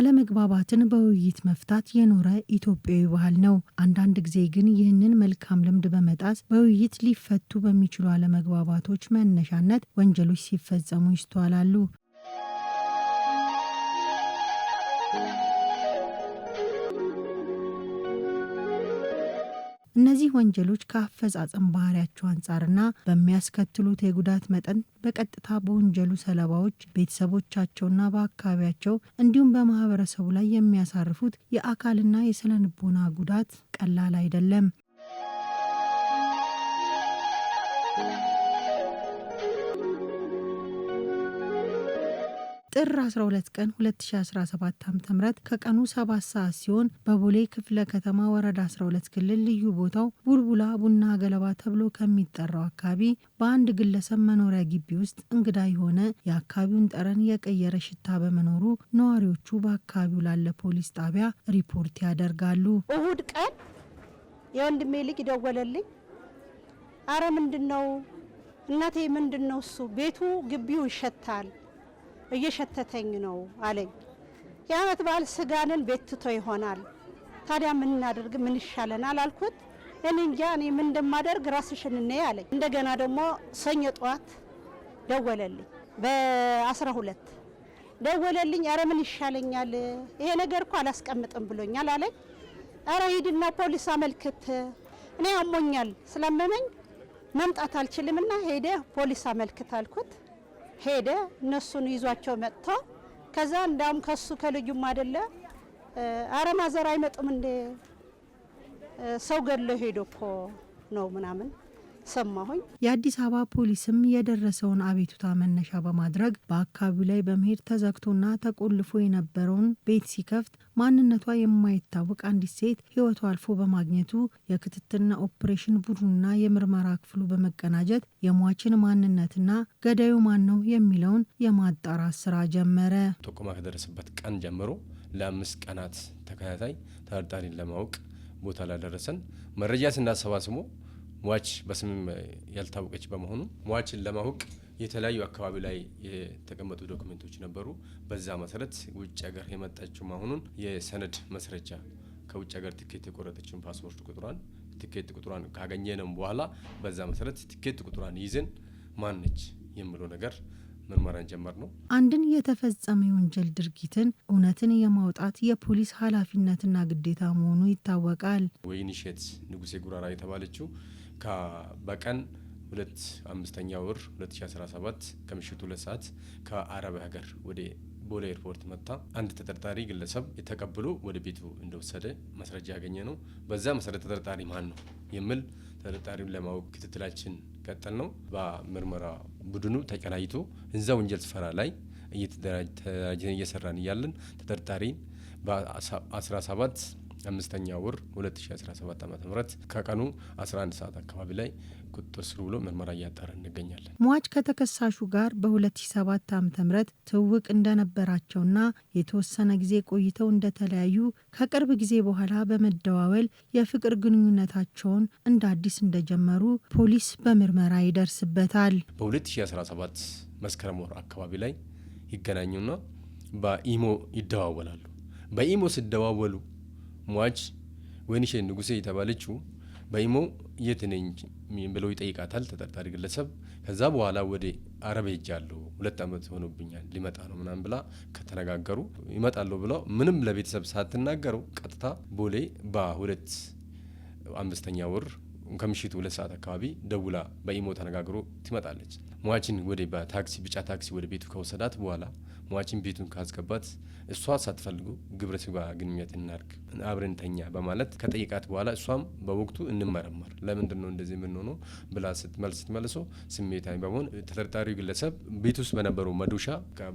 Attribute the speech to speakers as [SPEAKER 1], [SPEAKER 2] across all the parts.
[SPEAKER 1] አለመግባባትን በውይይት መፍታት የኖረ ኢትዮጵያዊ ባህል ነው። አንዳንድ ጊዜ ግን ይህንን መልካም ልምድ በመጣስ በውይይት ሊፈቱ በሚችሉ አለመግባባቶች መነሻነት ወንጀሎች ሲፈጸሙ ይስተዋላሉ። እነዚህ ወንጀሎች ከአፈጻጸም ባህሪያቸው አንጻርና በሚያስከትሉት የጉዳት መጠን በቀጥታ በወንጀሉ ሰለባዎች ቤተሰቦቻቸውና በአካባቢያቸው እንዲሁም በማህበረሰቡ ላይ የሚያሳርፉት የአካልና የስነ ልቦና ጉዳት ቀላል አይደለም። ጥር 12 ቀን 2017 ዓ ም ከቀኑ 7 ሰዓት ሲሆን በቦሌ ክፍለ ከተማ ወረዳ 12 ክልል ልዩ ቦታው ቡልቡላ ቡና ገለባ ተብሎ ከሚጠራው አካባቢ በአንድ ግለሰብ መኖሪያ ግቢ ውስጥ እንግዳ የሆነ የአካባቢውን ጠረን የቀየረ ሽታ በመኖሩ ነዋሪዎቹ በአካባቢው ላለ ፖሊስ ጣቢያ ሪፖርት ያደርጋሉ።
[SPEAKER 2] እሁድ ቀን የወንድሜ ልጅ ደወለልኝ። አረ ምንድን ነው እናቴ፣ ምንድን ነው እሱ ቤቱ ግቢው ይሸታል እየሸተተኝ ነው አለኝ። የአመት በዓል ስጋንን ቤት ትቶ ይሆናል ታዲያ ምን እናደርግ ምን ይሻለናል አልኩት። እኔ እንጃ እኔ ምን እንደማደርግ ራስሽን ነይ አለኝ። እንደገና ደግሞ ሰኞ ጠዋት ደወለልኝ በአስራ ሁለት ደወለልኝ። አረ ምን ይሻለኛል ይሄ ነገር እኮ አላስቀምጥም ብሎኛል አለኝ። አረ ሂድና ፖሊስ አመልክት። እኔ አሞኛል ስላመመኝ መምጣት አልችልምና ሄደ ፖሊስ አመልክት አልኩት። ሄደ። እነሱን ይዟቸው መጥቶ ከዛ እንዳውም ከሱ ከልጁም አይደለ አረማዘር አይመጡም እንዴ ሰው ገሎ ሄዶ እኮ ነው ምናምን ሰማሁኝ።
[SPEAKER 1] የአዲስ አበባ ፖሊስም የደረሰውን አቤቱታ መነሻ በማድረግ በአካባቢው ላይ በመሄድ ተዘግቶና ተቆልፎ የነበረውን ቤት ሲከፍት ማንነቷ የማይታወቅ አንዲት ሴት ህይወቱ አልፎ በማግኘቱ የክትትልና ኦፕሬሽን ቡድኑና የምርመራ ክፍሉ በመቀናጀት የሟችን ማንነትና ገዳዩ ማን ነው የሚለውን የማጣራት ስራ ጀመረ።
[SPEAKER 3] ጥቆማ ከደረሰበት ቀን ጀምሮ ለአምስት ቀናት ተከታታይ ተጠርጣሪን ለማወቅ ቦታ ላደረሰን መረጃ ስናሰባስቦ ሟች በስምም ያልታወቀች በመሆኑ ሟችን ለማወቅ የተለያዩ አካባቢ ላይ የተቀመጡ ዶክመንቶች ነበሩ። በዛ መሰረት ውጭ ሀገር የመጣችው መሆኑን የሰነድ መስረጃ ከውጭ ሀገር ትኬት የቆረጠችውን ፓስፖርት ቁጥሯን፣ ትኬት ቁጥሯን ካገኘንም በኋላ በዛ መሰረት ትኬት ቁጥሯን ይዘን ነች የሚለው ነገር ምርመራን ጀመር ነው።
[SPEAKER 1] አንድን የተፈጸመ የወንጀል ድርጊትን እውነትን የማውጣት የፖሊስ ኃላፊነትና ግዴታ መሆኑ ይታወቃል።
[SPEAKER 3] ወይንሸት ንጉሴ ጉራራ የተባለችው በቀን ሁለት አምስተኛ ወር 2017 ከምሽቱ ሁለት ሰዓት ከአረብ ሀገር ወደ ቦሌ ኤርፖርት መጥታ አንድ ተጠርጣሪ ግለሰብ የተቀብሎ ወደ ቤቱ እንደወሰደ ማስረጃ ያገኘ ነው። በዛ መሰረት ተጠርጣሪ ማን ነው የሚል ተጠርጣሪውን ለማወቅ ክትትላችን ቀጠል ነው። በምርመራ ቡድኑ ተቀናይቶ እዛ ወንጀል ስፈራ ላይ እየተደራጀን እየሰራን እያለን ተጠርጣሪን በ17 አምስተኛ ወር 2017 ዓ ም ከቀኑ 11 ሰዓት አካባቢ ላይ ቁጥጥር ስር ውሎ ምርመራ እያጣረ እንገኛለን።
[SPEAKER 1] ሟች ከተከሳሹ ጋር በ2007 ዓ ም ትውውቅ እንደነበራቸውና የተወሰነ ጊዜ ቆይተው እንደተለያዩ ከቅርብ ጊዜ በኋላ በመደዋወል የፍቅር ግንኙነታቸውን እንደ አዲስ እንደጀመሩ ፖሊስ በምርመራ ይደርስበታል።
[SPEAKER 3] በ2017 መስከረም ወር አካባቢ ላይ ይገናኙና በኢሞ ይደዋወላሉ። በኢሞ ሲደዋወሉ ሟች ወይንሸት ንጉሴ የተባለችው በኢሞ የት ነኝ ብለው ይጠይቃታል ተጠርጣሪ ግለሰብ። ከዛ በኋላ ወደ አረብ ሄጃለሁ ሁለት ዓመት ሆኖብኛል ሊመጣ ነው ምናምን ብላ ከተነጋገሩ ይመጣለሁ ብለው ምንም ለቤተሰብ ሳትናገረው ቀጥታ ቦሌ በሁለት አምስተኛ ወር ከምሽቱ ሁለት ሰዓት አካባቢ ደውላ በኢሞ ተነጋግሮ ትመጣለች። ሟችን ወደ ታክሲ ቢጫ ታክሲ ወደ ቤቱ ከወሰዳት በኋላ ሟችን ቤቱን ካስገባት እሷ ሳትፈልጉ ግብረ ስጋ ግንኙነት እናርግ፣ አብረን ተኛ በማለት ከጠይቃት በኋላ እሷም በወቅቱ እንመረመር፣ ለምንድን ነው እንደዚህ የምንሆነው ብላ ስትመልስ ስትመልሶ ስሜታዊ በመሆን ተጠርጣሪው ግለሰብ ቤት ውስጥ በነበረው መዶሻ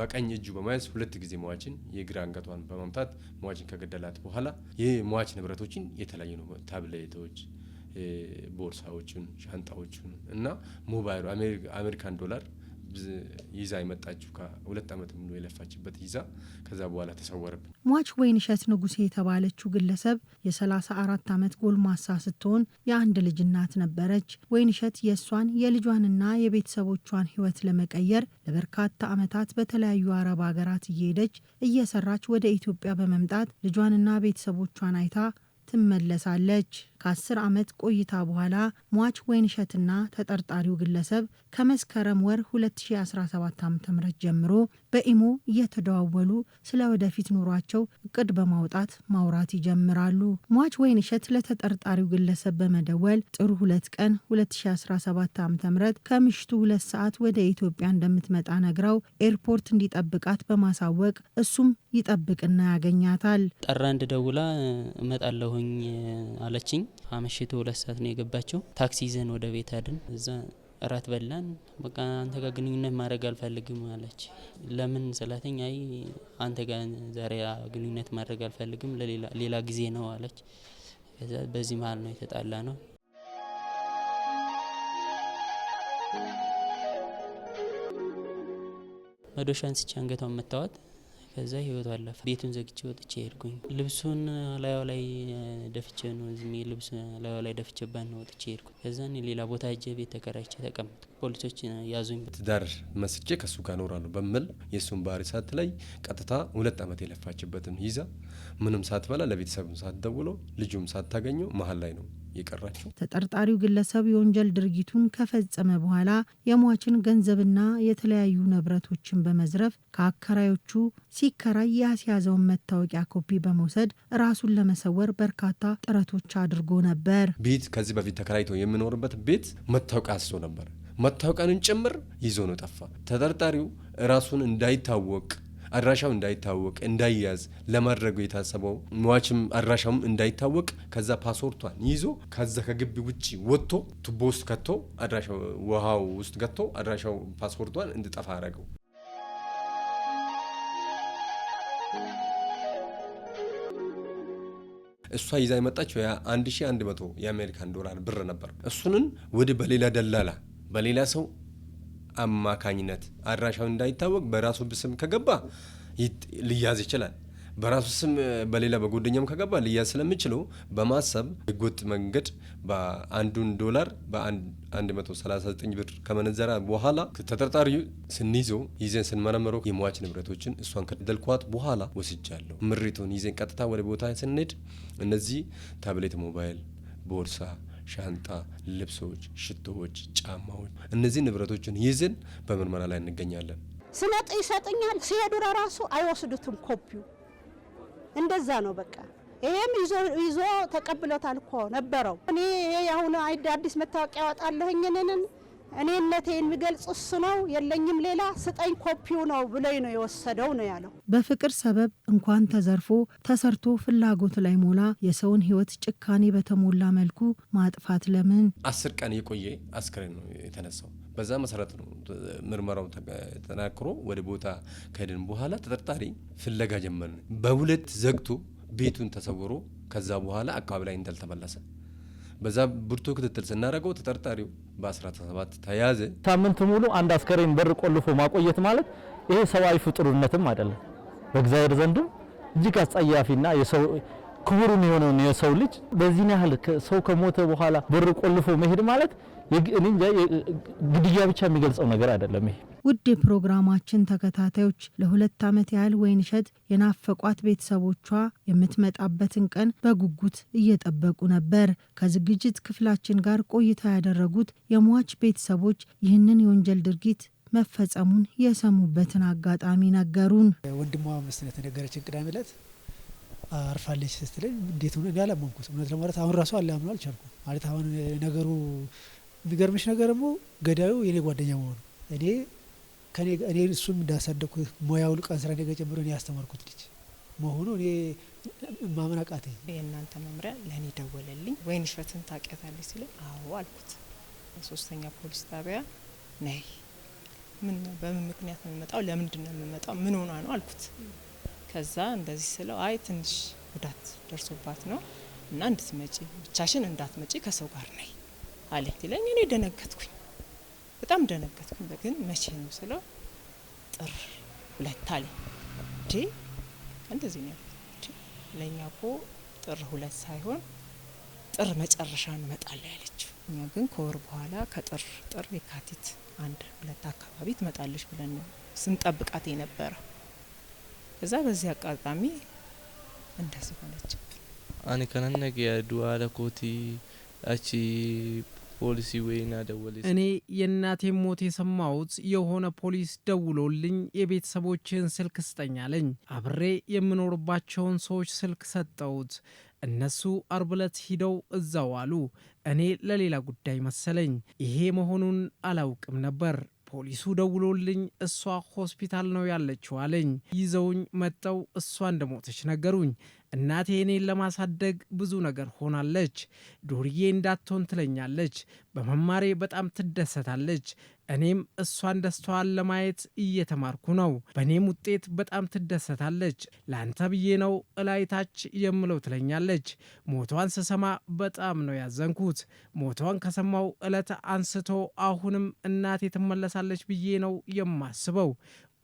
[SPEAKER 3] በቀኝ እጁ በማያዝ ሁለት ጊዜ ሟችን የግራ አንገቷን በማምታት ሟችን ከገደላት በኋላ የሟች ንብረቶችን የተለያዩ ነው ታብሌቶች ቦርሳዎችን፣ ሻንጣዎችን እና ሞባይሉ አሜሪካን ዶላር ይዛ የመጣችው ከሁለት ዓመት ሙሉ የለፋችበት ይዛ ከዛ በኋላ ተሰወረብን።
[SPEAKER 1] ሟች ወይንሸት ንጉሴ የተባለችው ግለሰብ የ34 ዓመት ጎልማሳ ስትሆን የአንድ ልጅ እናት ነበረች። ወይንሸት የእሷን የልጇንና የቤተሰቦቿን ሕይወት ለመቀየር ለበርካታ ዓመታት በተለያዩ አረብ ሀገራት እየሄደች እየሰራች ወደ ኢትዮጵያ በመምጣት ልጇንና ቤተሰቦቿን አይታ ትመለሳለች። ከአስር ዓመት ቆይታ በኋላ ሟች ወይንሸትና ተጠርጣሪው ግለሰብ ከመስከረም ወር 2017 .ም ጀምሮ በኢሞ እየተደዋወሉ ስለ ወደፊት ኑሯቸው እቅድ በማውጣት ማውራት ይጀምራሉ። ሟች ወይን እሸት ለተጠርጣሪው ግለሰብ በመደወል ጥር ሁለት ቀን 2017 ዓ ም ከምሽቱ ሁለት ሰዓት ወደ ኢትዮጵያ እንደምትመጣ ነግራው ኤርፖርት እንዲጠብቃት በማሳወቅ እሱም ይጠብቅና ያገኛታል።
[SPEAKER 4] ጠራ እንድደውላ እመጣለሁኝ አለችኝ። አመሽቱ ሁለት ሰዓት ነው የገባቸው። ታክሲ ይዘን ወደ ቤት አድን እዛ እራት በላን። በቃ አንተ ጋር ግንኙነት ማድረግ አልፈልግም አለች። ለምን ስላተኝ አይ አንተ ጋር ዛሬ ግንኙነት ማድረግ አልፈልግም ሌላ ጊዜ ነው አለች። በዚህ መሀል ነው የተጣላ ነው። መዶሻን ስቼ አንገቷን መታዋት። ከዛ ህይወቱ አለፈ። ቤቱን ዘግቼ ወጥቼ ሄድኩኝ። ልብሱን ላዩ ላይ ደፍቼ ነው ዝሜ ልብስ ላዩ ላይ ደፍቼባት ነው ወጥቼ ሄድኩ። ከዛን ሌላ ቦታ እጀ ቤት ተከራይቼ ተቀመጥኩ። ፖሊሶች ያዙኝ።
[SPEAKER 3] ትዳር መስቼ ከእሱ ጋር እኖራለሁ በምል የእሱን ባህሪ ሳት ላይ ቀጥታ ሁለት ዓመት የለፋችበትን ይዛ ምንም ሳትበላ ለቤተሰብም ሳትደውለው ልጁም ሳታገኘው መሀል ላይ ነው የቀራቸው።
[SPEAKER 1] ተጠርጣሪው ግለሰብ የወንጀል ድርጊቱን ከፈጸመ በኋላ የሟችን ገንዘብና የተለያዩ ንብረቶችን በመዝረፍ ከአከራዮቹ ሲከራይ ያስያዘውን መታወቂያ ኮፒ በመውሰድ ራሱን ለመሰወር በርካታ ጥረቶች አድርጎ ነበር።
[SPEAKER 3] ቤት ከዚህ በፊት ተከራይቶ የሚኖርበት ቤት መታወቂያ አስቶ ነበር። መታወቂያንን ጭምር ይዞ ነው ጠፋ። ተጠርጣሪው ራሱን እንዳይታወቅ አድራሻው እንዳይታወቅ እንዳይያዝ ለማድረጉ የታሰበው ሟችም አድራሻውም እንዳይታወቅ ከዛ ፓስፖርቷን ይዞ ከዛ ከግቢ ውጭ ወጥቶ ቱቦ ውስጥ ከቶ አድራሻው ውሃው ውስጥ ገጥቶ አድራሻው ፓስፖርቷን እንድጠፋ አረገው። እሷ ይዛ የመጣችው ያ 1100 የአሜሪካን ዶላር ብር ነበር። እሱንን ወደ በሌላ ደላላ በሌላ ሰው አማካኝነት አድራሻው እንዳይታወቅ በራሱ ስም ከገባ ሊያዝ ይችላል። በራሱ ስም በሌላ በጓደኛም ከገባ ሊያዝ ስለሚችለው በማሰብ ህገወጥ መንገድ በአንዱን ዶላር በ139 ብር ከመነዘራ በኋላ ተጠርጣሪው ስንይዘው ይዘን ስንመረምረው የሟች ንብረቶችን እሷን ከደልኳት በኋላ ወስጃለሁ። ምሪቱን ይዘን ቀጥታ ወደ ቦታ ስንሄድ እነዚህ ታብሌት፣ ሞባይል፣ ቦርሳ ሻንጣ፣ ልብሶች፣ ሽቶዎች፣ ጫማዎች እነዚህ ንብረቶችን ይዝን በምርመራ ላይ እንገኛለን።
[SPEAKER 2] ስነጥ ይሰጥኛል ሲሄዱ ለራሱ አይወስዱትም። ኮፒው እንደዛ ነው በቃ ይሄም ይዞ ተቀብሎታል እኮ ነበረው እኔ ይሄ አሁን አዲስ መታወቂያ ያወጣለሁኝንን እኔነቴ የሚገልጽ እሱ ነው። የለኝም ሌላ ስጠኝ ኮፒው ነው ብለኝ ነው የወሰደው ነው ያለው።
[SPEAKER 1] በፍቅር ሰበብ እንኳን ተዘርፎ ተሰርቶ ፍላጎት ላይ ሞላ የሰውን ህይወት ጭካኔ በተሞላ መልኩ ማጥፋት ለምን?
[SPEAKER 3] አስር ቀን የቆየ አስክሬን ነው የተነሳው። በዛ መሰረት ነው ምርመራው ተጠናክሮ ወደ ቦታ ከሄድን በኋላ ተጠርጣሪ ፍለጋ ጀመርን። በሁለት ዘግቶ ቤቱን ተሰውሮ ከዛ በኋላ አካባቢ ላይ እንዳልተመለሰ በዛ ብርቱ ክትትል ስናደርገው ተጠርጣሪው በ17 ተያዘ።
[SPEAKER 5] ሳምንት ሙሉ አንድ አስከሬን በር ቆልፎ ማቆየት ማለት ይሄ ሰብአዊ ፍጡርነትም አይደለም፣ በእግዚአብሔር ዘንድም እጅግ አስጸያፊና ክቡርን የሆነውን የሰው ልጅ በዚህን ያህል ሰው ከሞተ በኋላ በር ቆልፎ መሄድ ማለት ግድያ ብቻ የሚገልጸው ነገር አይደለም። ይሄ
[SPEAKER 1] ውድ የፕሮግራማችን ተከታታዮች ለሁለት ዓመት ያህል ወይንሸት የናፈቋት ቤተሰቦቿ የምትመጣበትን ቀን በጉጉት እየጠበቁ ነበር። ከዝግጅት ክፍላችን ጋር ቆይታ ያደረጉት የሟች ቤተሰቦች ይህንን የወንጀል ድርጊት መፈጸሙን የሰሙበትን አጋጣሚ ነገሩን።
[SPEAKER 6] ወንድሟ መስነት ነገረችን ቅዳሜ ዕለት አርፋለች ስትለኝ እንዴት ሆነ እኔ አላመንኩት። እውነት ለማለት አሁን ራሱ አላምነው አልቻልኩም። ማለት አሁን ነገሩ የሚገርምሽ ነገር ደግሞ ገዳዩ የኔ ጓደኛ መሆኑ እኔ ከኔ እኔ እሱም እንዳሳደግኩ ሙያውን ቀን ስራ ነገ ጀምሮ እኔ ያስተማርኩት ልጅ መሆኑ እኔ ማመን አቃተኝ።
[SPEAKER 7] የእናንተ መምሪያ ለእኔ ደወለልኝ። ወይን እሸትን ታውቂያታለሽ ሲለኝ አዎ አልኩት። ሶስተኛ ፖሊስ ጣቢያ ነይ። ምን በምን ምክንያት ነው የምመጣው? ለምንድን ነው የምመጣው? ምን ሆኗ ነው አልኩት። ከዛ እንደዚህ ስለው አይ ትንሽ ጉዳት ደርሶባት ነው እና እንድትመጪ ብቻሽን እንዳትመጪ ከሰው ጋር ነይ አለ ይለኝ። እኔ ደነገጥኩኝ፣ በጣም ደነገጥኩኝ። በግን መቼ ነው ስለው ጥር ሁለት አለ። እንዴ እንደዚህ ነው ለእኛ ኮ ጥር ሁለት ሳይሆን ጥር መጨረሻ እንመጣለን ያለችው። እኛ ግን ከወር በኋላ ከጥር ጥር የካቲት አንድ ሁለት አካባቢ ትመጣለች ብለን ስንጠብቃት የነበረው እዛ በዚህ አጋጣሚ እንደዚህ ሆነች።
[SPEAKER 8] አነ ከነነገ የዱዋለ ለኮቲ አቺ ፖሊሲ ወይና ደወለ
[SPEAKER 9] እኔ የእናቴን ሞት የሰማሁት የሆነ ፖሊስ ደውሎልኝ የቤተሰቦችን ስልክ ስጠኝ አለኝ። አብሬ የምኖርባቸውን ሰዎች ስልክ ሰጠሁት። እነሱ አርብ ዕለት ሂደው እዛው አሉ። እኔ ለሌላ ጉዳይ መሰለኝ ይሄ መሆኑን አላውቅም ነበር። ፖሊሱ ደውሎልኝ እሷ ሆስፒታል ነው ያለችው አለኝ። ይዘውኝ መጠው እሷ እንደሞተች ነገሩኝ። እናቴ እኔን ለማሳደግ ብዙ ነገር ሆናለች። ዱርዬ እንዳትሆን ትለኛለች። በመማሬ በጣም ትደሰታለች። እኔም እሷን ደስታዋን ለማየት እየተማርኩ ነው። በእኔም ውጤት በጣም ትደሰታለች። ለአንተ ብዬ ነው እላይታች የምለው ትለኛለች። ሞቷን ስሰማ በጣም ነው ያዘንኩት። ሞቷን ከሰማው እለት አንስቶ አሁንም እናቴ ትመለሳለች ብዬ ነው የማስበው።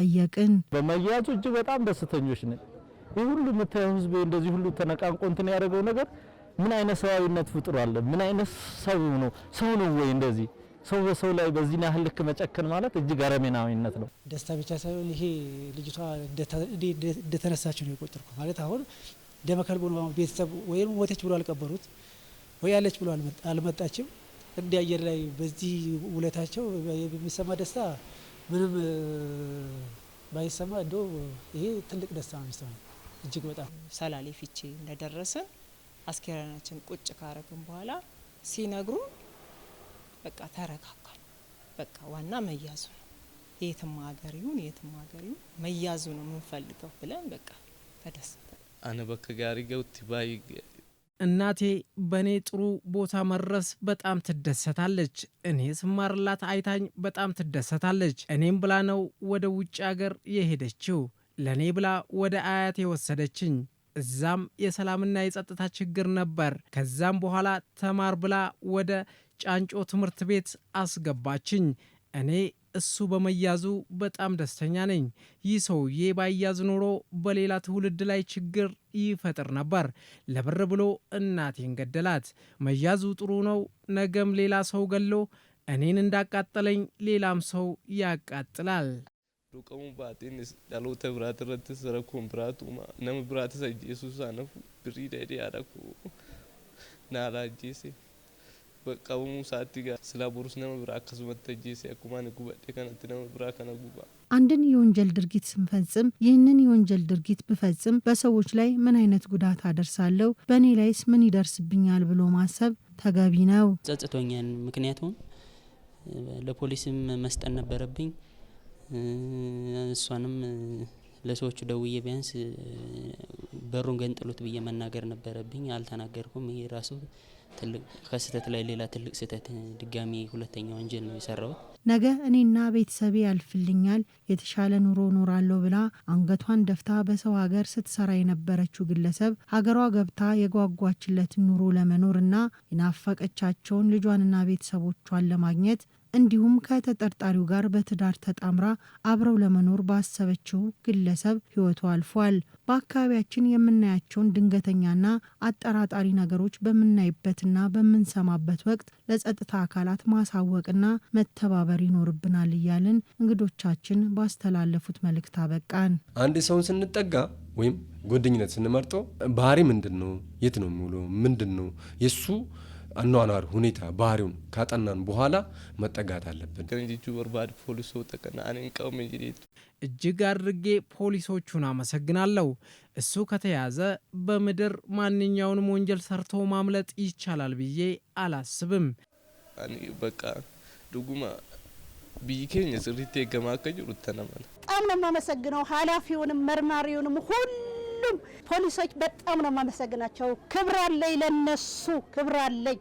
[SPEAKER 1] ጠየቅን።
[SPEAKER 5] በመያዙ እጅግ በጣም ደስተኞች ነን። ይህ ሁሉ የምታየው ህዝብ እንደዚህ ሁሉ ተነቃንቆ እንትን ያደረገው ነገር ምን አይነት ሰብአዊነት ፍጥሮ አለ? ምን አይነት ሰው ነው? ሰው ነው ወይ እንደዚህ ሰው በሰው ላይ በዚህ ያህል ልክ መጨከን ማለት እጅግ አረመኔያዊነት ነው።
[SPEAKER 6] ደስታ ብቻ ሳይሆን ይሄ ልጅቷ እንደተነሳችው ነው የቆጠርኩት። ማለት አሁን ደመከልቦ ነው ቤተሰብ ወይም ሞተች ብሎ አልቀበሩት ወይ ያለች ብሎ አልመጣችም። እንዲ አየር ላይ በዚህ ውለታቸው የሚሰማ ደስታ ምንም ባይሰማ እንደ ይሄ ትልቅ ደስታ ነው የሚሰማኝ። እጅግ በጣም
[SPEAKER 7] ሰላሌ ፊቼ እንደደረስን አስከሬናችን ቁጭ ካረግን በኋላ ሲነግሩ በቃ ተረጋጋል። በቃ ዋና መያዙ ነው የትም ሀገር ይሁን የትም ሀገር ይሁን መያዙ ነው የምንፈልገው ብለን በቃ ተደሰተ
[SPEAKER 8] አነ በከ ጋሪ ገውት ባይ
[SPEAKER 9] እናቴ በእኔ ጥሩ ቦታ መድረስ በጣም ትደሰታለች። እኔ ስማርላት አይታኝ በጣም ትደሰታለች። እኔም ብላ ነው ወደ ውጭ አገር የሄደችው። ለእኔ ብላ ወደ አያቴ ወሰደችኝ። እዛም የሰላምና የጸጥታ ችግር ነበር። ከዛም በኋላ ተማር ብላ ወደ ጫንጮ ትምህርት ቤት አስገባችኝ። እኔ እሱ በመያዙ በጣም ደስተኛ ነኝ። ይህ ሰውዬ ባያዝ ኖሮ በሌላ ትውልድ ላይ ችግር ይፈጥር ነበር። ለብር ብሎ እናቴን ገደላት። መያዙ ጥሩ ነው። ነገም ሌላ ሰው ገሎ እኔን እንዳቃጠለኝ ሌላም ሰው ያቃጥላል።
[SPEAKER 8] ዱቀሙ ባጤን ዳሎተ ብራት ረት ሰረኩን ብራቱማ ነም ብራት ብሪ ደዴ ናላጄሴ በቀቡሙ ሰዓት ጋር ስለ ቡሩስ akkasumatti ብራ akkuma ani gubadhe kanatti ከነት biraa ብራ ከነጉባ
[SPEAKER 1] አንድን የወንጀል ድርጊት ስንፈጽም ይህንን የወንጀል ድርጊት ብፈጽም በሰዎች ላይ ምን አይነት ጉዳት አደርሳለሁ፣ በእኔ ላይስ ምን ይደርስብኛል ብሎ ማሰብ ተገቢ ነው።
[SPEAKER 4] ጸጽቶኛን ምክንያቱም ለፖሊስም መስጠት ነበረብኝ። እሷንም ለሰዎቹ ደውዬ ቢያንስ በሩን ገንጥሎት ብዬ መናገር ነበረብኝ። አልተናገርኩም። ይሄ ራሱ ከስህተት ላይ ሌላ ትልቅ ስህተት ድጋሚ ሁለተኛ ወንጀል ነው የሰራሁት።
[SPEAKER 1] ነገ እኔና ቤተሰቤ ያልፍልኛል፣ የተሻለ ኑሮ ኖራለሁ ብላ አንገቷን ደፍታ በሰው ሀገር ስትሰራ የነበረችው ግለሰብ ሀገሯ ገብታ የጓጓችለትን ኑሮ ለመኖርና የናፈቀቻቸውን ልጇንና ቤተሰቦቿን ለማግኘት እንዲሁም ከተጠርጣሪው ጋር በትዳር ተጣምራ አብረው ለመኖር ባሰበችው ግለሰብ ህይወቱ አልፏል። በአካባቢያችን የምናያቸውን ድንገተኛና አጠራጣሪ ነገሮች በምናይበትና በምንሰማበት ወቅት ለጸጥታ አካላት ማሳወቅና መተባበር ይኖርብናል እያልን እንግዶቻችን ባስተላለፉት መልእክት አበቃን።
[SPEAKER 3] አንድ ሰውን ስንጠጋ ወይም ጓደኝነት ስንመርጠው ባህሪ ምንድን ነው? የት ነው የሚውለው? ምንድን ነው የእሱ አኗኗር ሁኔታ ባህሪውን ካጠናን በኋላ መጠጋት አለብን።
[SPEAKER 9] እጅግ አድርጌ ፖሊሶቹን አመሰግናለሁ። እሱ ከተያዘ በምድር ማንኛውንም ወንጀል ሰርቶ ማምለጥ ይቻላል ብዬ አላስብም።
[SPEAKER 8] በቃ ዱጉማ ብይ ኬኝ ስሪቴ ገማከኝ ሩተነመ ተነመነ
[SPEAKER 2] በጣም ነው የማመሰግነው ኃላፊውንም መርማሪውንም ሁሉ ሁሉም ፖሊሶች በጣም ነው የማመሰግናቸው። ክብር አለኝ ለነሱ፣ ክብር አለኝ።